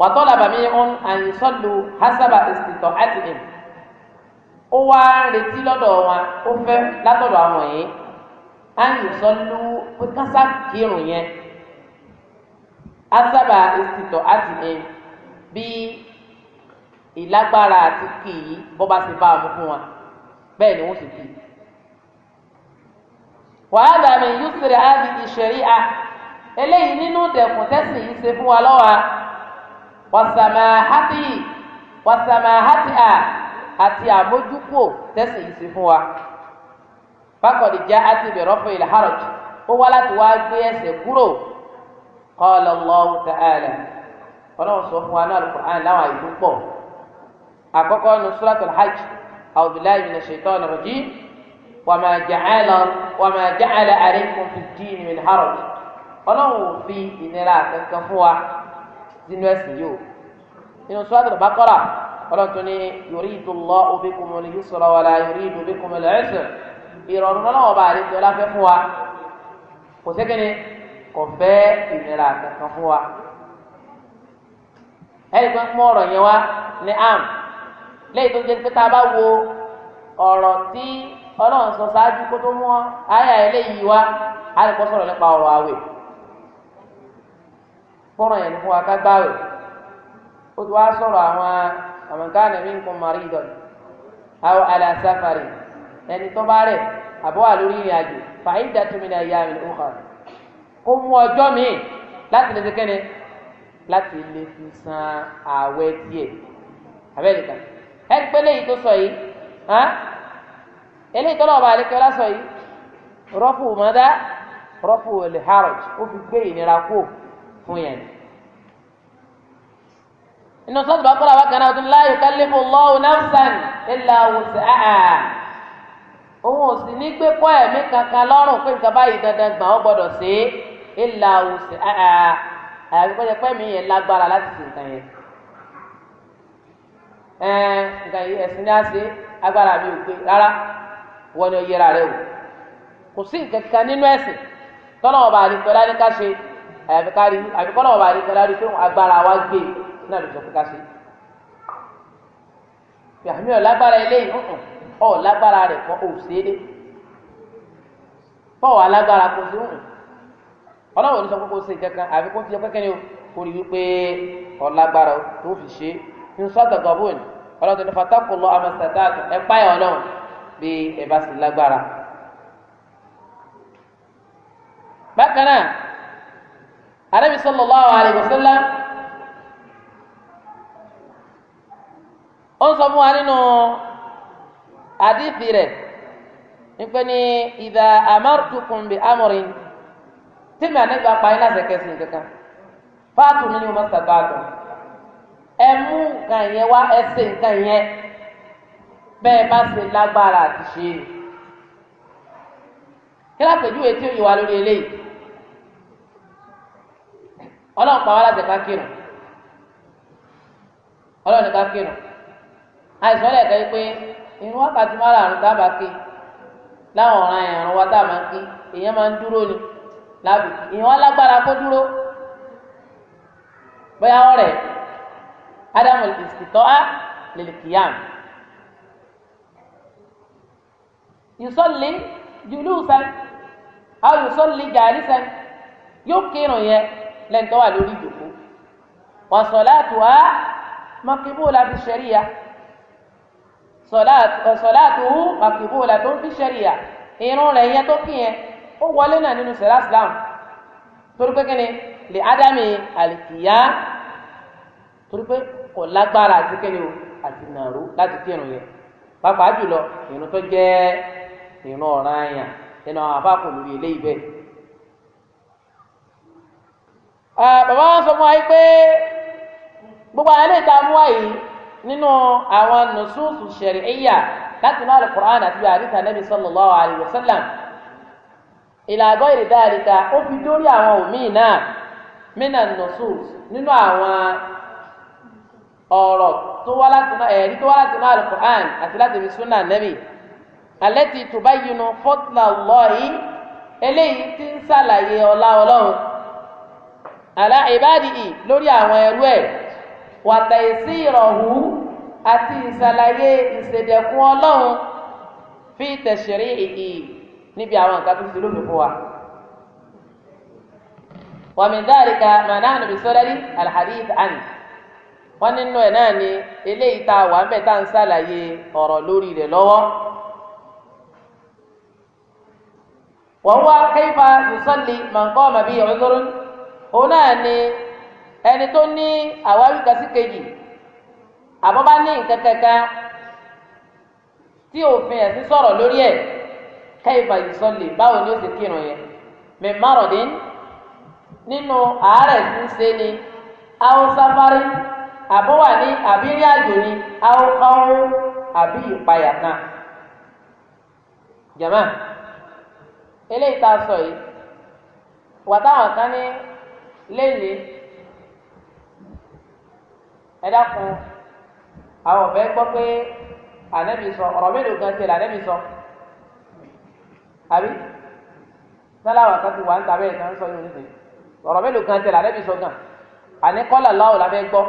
wàtọ́lá bàmí ń ànsọ́lù hasaba ìsìtọ̀ àtìlẹ̀ ó wá retí lọ́dọ̀ wọn ó fẹ́ látọ̀dọ̀ àwọn yìí ànsọ́lù kásá kírun yẹn hasaba ìsìtọ̀ àtìlẹ̀ bí ìlágbára àti kìí bọ́ba sì bá ọmọ fún wọn bẹ́ẹ̀ ni wọ́n sì kì í. wàhálà mi yusri àbí ìṣẹ̀rí a eléyìí nínú dẹ̀kùn tẹ́sí yìí ṣe fún wa lọ́wọ́ a wàsàmáhátì wàsàmáhátì à àti àmójúkò tẹ̀sìn yìí sí fún wa fakọ̀dì já àti bẹ̀rọ̀fọ̀ ilẹ̀ haraj ó wá láti wá gbé ẹsẹ̀ kúrò qala Allahu ta'ala ọlọ́run sọ fún wa náà Al-Qur'an láwọn àyè tó pọ̀ àkọ́kọ́ nu suratul hajj a'udhu billahi minash shaitani rajim wàmà ja'ala wàmà ja'ala alaykum min haraj ọlọ́run ò fi ìnira kankan fún wa sínú ẹ̀sìn yìí o nínú suratul Baqara ọlọ́tún ní yuridullahu bikumul yusra wala yuridu bikumul usra ìrọ̀rùn ọlọ́wọ́ bá àlejò ọláfẹ́ fún wa kò sẹ́kẹ́ni kò fẹ́ ìnira kankan fún wa ẹ̀rí pé ń pọ́n ọ̀rọ̀ yẹn wá ní am lẹ́yìn tó jẹ́ pé tá a bá wo ọ̀rọ̀ tí ọlọ́run sọ ṣáájú kó tó mú ayà fọ́nrán yẹn ní fún wa ká gbáwẹ̀ ó ti wá sọ̀rọ̀ àwọn àmọ̀ká nàmí nǹkan mọ̀rí ìdọ̀ àwọn aláṣàfàrì ẹni tó bá rẹ̀ àbọ̀ wà lórí ìrìn àjò fàáyì dàtúmínà ìyá mi ní òkà kó mú ọjọ́ míì láti lè ṣe kẹ́ni láti lè fi san ààwẹ̀ tiẹ̀ abẹ́ẹ̀dẹ̀ka ẹni pé léyìí tó sọ yìí eléyìí tó lọ́wọ́ bá àlékẹ́ lásọ yìí rọ́pù mọ́dá rọ́pù lè hàrọ̀j ó fi gbé ìnira kú fún yẹn. inú sọ́ọ̀tù bá kọ́lá wákàtí náà tó ní la yukallifu Allahu nafsan illa wus'aha. òun ò sì ní gbé kọ́ ẹ̀mí kankan lọ́rùn pé nǹkan báyìí dandan gbà ọ́ gbọ́dọ̀ sí illa wus'aha. àyàfi kọ́jà pẹ́ẹ́mì yẹn lágbára láti ṣe nǹkan yẹn nǹkan yìí ẹ̀sìn ní àṣẹ agbára mi ò gbé rárá wọ́n ni ó yẹra rẹ̀ wò kò sí nǹkan kan nínú ẹ̀sìn tọ́lọ́mọba àdìpẹ́lá ní àyàfi ká rí àyàfi kọ́ náà wà rí kọ́lá rí pé agbára wa gbé náà ló sọ pé ká ṣe. àmì ọ̀lágbára eléyìí ọ̀ lágbára rẹ̀ kọ́ òṣèré pọ́wọ́ alágbára kò sí òun ọlọ́wọ́ ní sọ pé kò sí kankan àfi kó ti yẹ ni o kò rí wípé ọ̀lágbára tó fi ṣe ń sọ́tọ̀ gọ̀bùn ọlọ́dún ní fatakù lọ amẹ́sítẹ́tàtù ẹ páyà ọlọ́run bí ẹ bá sì lágbára. bákan náà anabi sallallahu alayhi wa sallam ó ń sọ fún wa nínú àdìsí rẹ̀ nípa ní ìdá amartukum bi amrin tí mi àná ìgbà pààyàn láti ẹ̀kẹ́ sí kankan fáàtù mi ni mo máa ń sàgbàdo ẹ mú nǹkan yẹn wá ẹ ṣe nǹkan yẹn bẹ́ẹ̀ bá ṣe lágbára àti ṣe kí lápèjúwe tí ó yẹ lórí eléyìí ọlọ́run pa wá láti ká kírun ọlọ́run ní ká kírun àìsàn ọ̀lẹ́ ẹ̀ka yìí pé irun wákàtí márààrún dábà ké láwọn ọ̀ràn ẹ̀rùn wa dábà ké èèyàn máa ń dúró ni lábì ìyẹn alágbára kó dúró bóyá ọ̀rẹ́ ádámù ìsìtọ́ á lèlè kìyàm ìsọ̀lẹ̀ jùlùsẹ̀ àwọn ìsọ̀lẹ̀ jàrísẹ̀ yóò kírun yẹn lẹ́yìn tó wà lórí ìjòkó wà sọ̀láàtù wá mọ̀kìbó la fi ṣẹ̀ríya sọ̀láàtù wú mọ̀kìbó la tó ń fi ṣẹ̀ríya irun rẹ̀ yẹn tó kí yẹn ó wọlé náà nínú sẹ̀rá islam torí pé kíni lè ádámì àlìkìyà torí pé kò lágbára àti kíni o àti nàró láti kírun yẹn pàápàá jùlọ irun tó jẹ́ irun ọ̀ranyàn nínú àwọn àbá kò lórí eléyìí bẹ́ẹ̀ bàbá wọn sọ fún wa pé gbogbo àwọn eléyìí tá a mú wá yìí nínú àwọn nùsùsù ṣẹ̀rí'íyà láti máa lọ Qur'an àti àdìsá nàbì sallallahu alaihi wasallam ìlàgọ́ ìrìdáàríta ó fi dórí àwọn òmíì náà mínà nùsùs nínú àwọn ọ̀rọ̀ tó wá láti náà ẹ̀rí tó wá láti náà al-Qur'an àti láti fi súnà nàbì allati tubayyinu fadla Allahi eléyìí ti ń sàlàyé ọlá ọlọ́run àlá ìbádìí lórí àwọn ẹrú ẹ̀ wàtà ìsí ìrọ̀hù àti ìsàlàyé ìṣèdẹ̀kùn ọlọ́run fi tẹ̀sírí ìhì níbi àwọn nǹkan tó ti lómi fún wa. wàmí dáríka màná ànàbì sọ́dárí alhadith ani wọ́n nínú ẹ̀ náà ni eléyìí tá a wà ń tá à ń ṣàlàyé ọ̀rọ̀ lórí rẹ̀ lọ́wọ́. wọ́n wá kayfa yusalli man qama bihi udhrun. òun náà ni ẹni tó ní àwáwí kan sí kejì àbọ̀ bá ní nǹkan kankan tí òfin ẹ̀sìn sọ̀rọ̀ lórí ẹ̀ kẹ́yìfà ìsọ̀lì báwo ni ó sì kírun yẹn mẹ́márọ̀dín nínú àárẹ̀ tí ń ṣe ni àwọn sáfárí àbọ̀ wà ní àbírí àjò ni àwọn ọ̀hún àbí ìpayà kan jama eléyìí tá a sọ yìí wà kan ní. lẹ́yìn ẹ dákun àwọn ọ̀bẹ gbọ́ pé ànẹ́bí sọ ọ̀rọ̀ mélòó gan tiẹ̀ lànẹ́bí sọ àbí sáláwà kan ti wà ń ta bẹ́ẹ̀ kan sọ yóò nísìnyí ọ̀rọ̀ mélòó gan tiẹ̀ lànẹ́bí sọ gan àní kọ́là láwọ̀ làbẹ́ gbọ́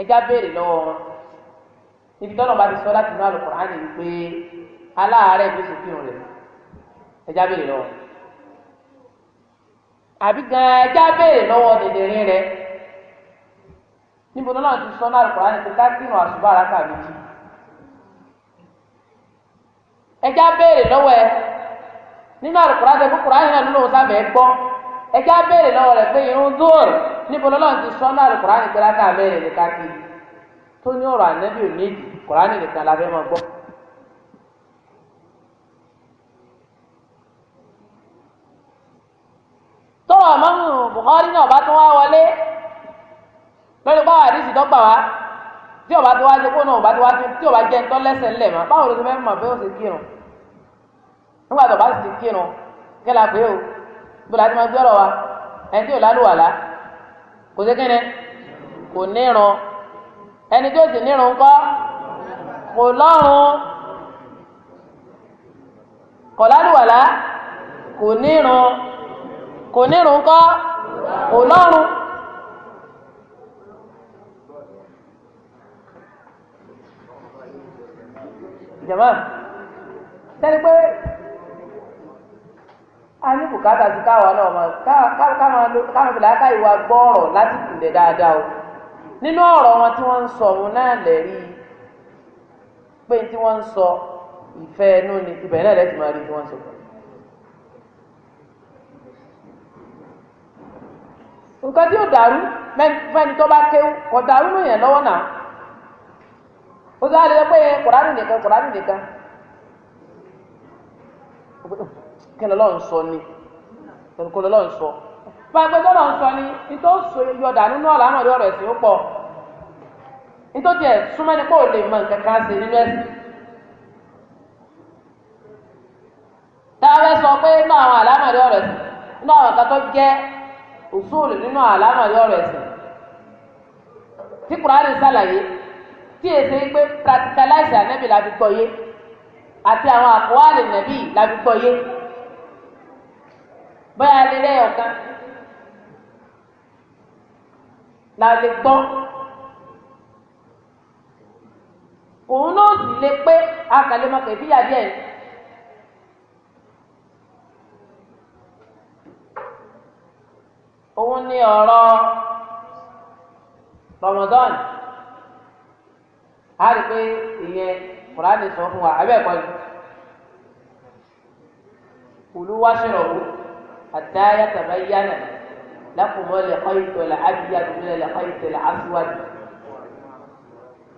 ẹjá béèrè lọ́wọ́ wọn ibi tọ́nà bá ti sọ láti inú àlùkò ránì wípé aláàárẹ̀ gbèsè kírun rẹ̀ ẹjá béèrè lọ́wọ́ wọn àbí gan ẹja béèrè lọ́wọ́ dèdèrè rẹ níbo náà ti sọ náà kọ́ra ní pé ká kírun àṣùbà àràkà méjì ẹja béèrè lọ́wọ́ ẹ nínú àlùkùrá tẹ kúkúrá yìí náà nínú òun sábẹ gbọ́ ẹja béèrè lọ́wọ́ rẹ pé irun dúr níbo náà ti sọ náà kọ́ra ní pé ká kírun àṣùbà àràkà tó ní ọ̀rọ̀ ànẹ́bí ò ní ìdí kọ́ra ní nìkan la fẹ́ máa gbọ́. tọrọ ọmọnù Bukhari náà bá tún wá wọlé lórí báwa àdìsí tó gbà wá tí ọba tó wá jẹ kó náà ọba tó wá tí ọba jẹ ńtọ́ lẹ́sẹ̀ ńlẹ̀ mọ́ báwo ló ti fẹ́ mọ̀ pé ó ti kírun nígbà tó bá ti kírun kí la pé o bó la ti máa gbẹ́rọ̀ wa ẹni tí ò lálùwàlá kò sí kíni kò nírun ẹni tí ó sì nírun ńkọ́ kò lọ́rùn kò lálùwàlá kò nírun. kò nírun kọ́ pé a ní sí náà ma láti kùnlẹ̀ dáadáa nínú ọ̀rọ̀ wọn tí wọ́n ń sọ náà pé tí wọ́n ń sọ ìfẹ́ nǹkan tí ò dàrú fẹ́ni tó bá kéwú kò dàrú ló yàn lọ́wọ́ náà ó sọ àlejò pé kòránì nìkan kòránì nìkan kẹlẹ lọ́n sọ ni kẹlẹ lọ́n sọ pàgbẹ́ tó lọ́n sọ ni nítorí ó sọ ọrụ nínú ọ̀la náà lọ́rọ̀ ẹ̀sìn ó pọ̀ nítorí ẹ̀ súnmọ́ pé ò lè mọ nǹkan kan ṣe nínú ẹ̀sìn. táwọn fẹ́ sọ pé náà àwọn àlámọ̀ náà àwọn kan tó òṣòlù nínú àlámà yọ ọ̀rọ̀ ẹ̀sìn tí kùránì sàlàyé tí èsè pé practicalize ànẹ́bì la fi gbọ́ yé àti àwọn àkọwálẹ̀ nẹ̀bì la fi gbọ́ yé bóyá lélẹ̀ ọ̀kan la lè gbọ́ òun náà sì lè pé akàlẹ́mọ̀kẹ́ bíyà díẹ̀ yìí. òun ni ọ̀rọ̀ Ramadan a rí pé ìyẹn Kùránì sọ fún wa abẹ́ẹ̀kọ́ ni kulu washrabu hatta yatabayyana lakum al-khayt al-abyad min al-khayt al-aswad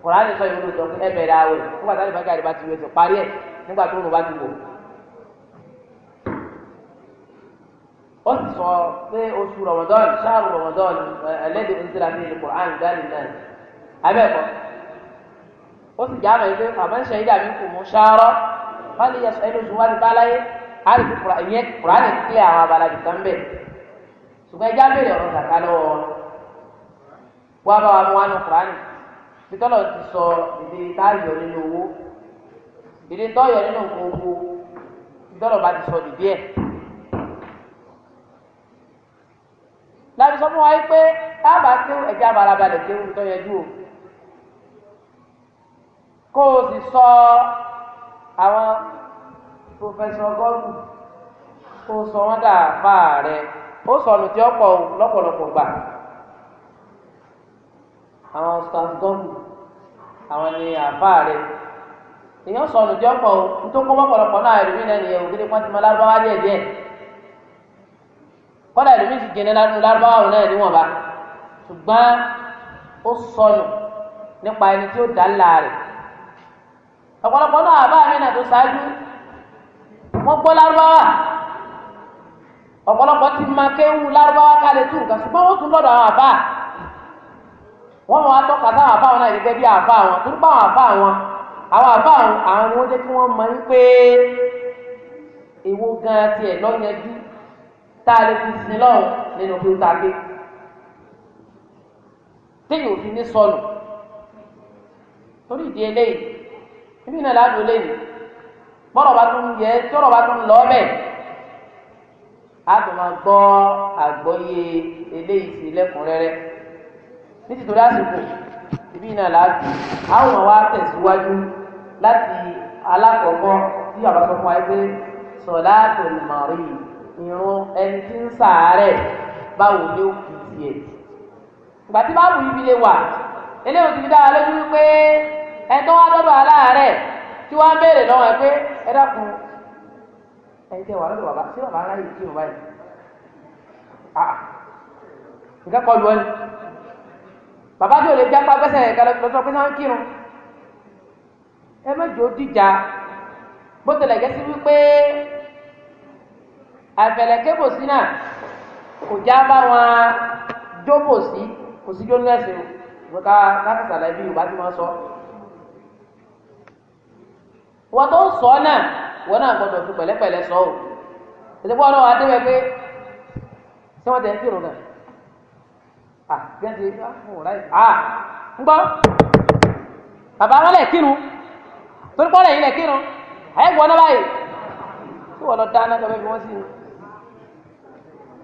Kùránì sọ yìí ló sọ fún ẹ̀bẹ̀rẹ̀ nígbà tí àlùbáyé àdìbá ti wẹ̀ sọ parí ẹ̀ nígbà tó ń bá ti wọ̀. ó sì sọ pé oṣù rọmọdọ́ọ̀lù ṣáàrù rọmọdọ́ọ̀lù ẹlẹ́dì ìṣẹ́lá ní ìlú kùrán ìdánì náà abẹ́ẹ̀kọ́ ó sì já àmọ̀ ìgbé àmọ́ ṣe ìdá mi kù mú ṣáárọ́ wọ́n lè yẹsọ ẹni oṣù wá ti báláyé á lè fi kùrán ìyẹn kùrán lè kílẹ̀ àwọn abala jù kan bẹ́ẹ̀ ṣùgbọ́n ẹja bèrè ọ̀rọ̀ kàkà lọ́wọ́ wá bá wa mú wánu kùrán títọ́lọ̀ ti sọ ìdílé táyọ̀ nínú owó ìdílé tọ́yọ̀ nínú nǹkan owó títọ́lọ̀ bá ti sọ dìbí ẹ̀ láti sọ fún wa pé táàbà kéwù ẹ̀jẹ̀ abalabalẹ̀ kéwù tó yẹ o kó o sì sọ àwọn pòfẹsọ gọ́ọ̀lù kó o sọ wọn dà fà rẹ ó sọnù tí ó pọ̀ lọ́pọ̀lọpọ̀ gbà àwọn stars àwọn ni rẹ èèyàn tí ó pọ̀ nítorí lọ́pọ̀lọpọ̀ náà mi náà nìyẹn ògidì kọ́dà ẹlòmíì sì jẹni lárúbáwá náà bá ṣùgbọ́n ó sọnù nípa ẹni tí ó dá láàrẹ̀ ọ̀pọ̀lọpọ̀ náà àbá mi náà tó ṣáájú wọ́n gbọ́ lárúbáwá ọ̀pọ̀lọpọ̀ ti máa kálẹ̀ nǹkan ṣùgbọ́n wọ́n wọ́n àbá wọn náà gẹ́gẹ́ bí àbá wọn tó ń bá àwọn àbá wọn àwọn àbá àwọn tá a lè fi sin lọ́rùn nínú kí ó ta gbé téèyàn ò fi ní sọnù torí ìdí eléyìí ibi náà ládùn eléyìí bọ́rọ̀ bá tún yẹ tọ́rọ̀ bá tún lọ bẹ́ẹ̀ a tún máa gbọ́ àgbọ́yé eléyìí sí lẹ́kùnrẹ́rẹ́ nítorí àsìkò ibi náà ládùn àwọn wa tẹ̀síwájú láti alákọ̀ọ́kọ́ tí a bá sọ fún wa pé sọ̀lá tó lè mọ̀ rí i ìrun ẹni tí ń sàárẹ̀ báwo ni ó kù tiẹ̀ ìgbà tí báàbù yìí fi lè wà eléyìí ti fi dára lójú wípé ẹni tó wá lọ́dọ̀ aláàárẹ̀ tí wọ́n á béèrè lọ́wọ́ ẹ pé ẹ dákun ẹni tẹ wà lọ́dọ̀ bàbá sí bàbá aláyè kí òun báyìí nǹkan ah, kọ lu ẹni bàbá tí ò lè jápa gbẹ́sẹ̀ ẹ̀ka lọ́sọ pé sáà ń kírun ẹ mẹ́jọ dìjà bó tilẹ̀ gẹ́sí wípé àfẹlẹkẹ bòsí náà kò já bá wọn jó bòsí kò sí jó nẹẹsì o ká lákàtàlẹ bí yorùbá ti máa sọ wọn tó ń sọ náà wọn náà gbọ́dọ̀ fi pẹ̀lẹ́pẹ̀lẹ́ sọ o ètò pọ̀ lọ́wọ́ adé wẹ pé ṣé wọ́n tẹ̀ ń kírun náà à bí wọ́n ti ń fún un láì à ń gbọ́ bàbá wọn lẹ̀ kírun torí pọ́ lẹ̀ yín lẹ̀ kírun ẹ̀ gbọ́ náà báyìí tí wọ́n lọ dáná kọ́ bẹ́ẹ̀ fi wọ́n sí i.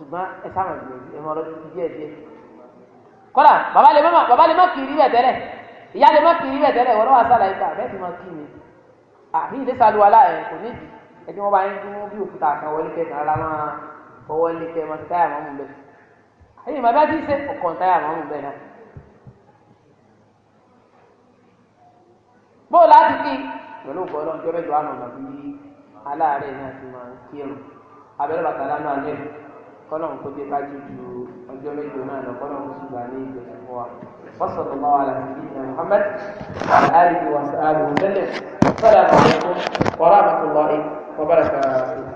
ṣùgbọ́n ẹ sáwọn gbìyànjú ẹ mọ ọlọ́dún díẹ̀ díẹ̀. kọ́lá bàbá lè má bàbá lè má kiri bẹ̀ tẹ́lẹ̀ ìyá lè má kiri bẹ̀ tẹ́lẹ̀ wọ́n wá sálàyé ká bẹ́ẹ̀ ti má kí mi. àmì ilé saluwa láàyè kò níbi ẹ tí wọ́n bá ń dún bí òkúta kan wọlé kẹ́ kan ara máa fọwọ́ lé kẹ́ máa ti táyà mọ́ mu bẹ́ẹ̀. ayé màá bá ti ṣe ọ̀kan táyà mọ́ mu bẹ́ẹ̀ náà. bó o láti kí pẹ̀lú ògbọ́ ọlọ́run jọ́mẹ́jọ àná ọ̀nà bí aláàárẹ̀ kọ́lọ́n kó jẹ́ kájú ju ọjọ́ mẹ́jọ náà lọ kọ́lọ́n kó sì gbà ní ìgbésẹ̀ fún wa wọ́sọ̀ tó máa wà láti bí ìyá Muhammad àlùfáà àlùfáà sẹ́lẹ̀ sọ́dà àwọn ọmọ wọn rà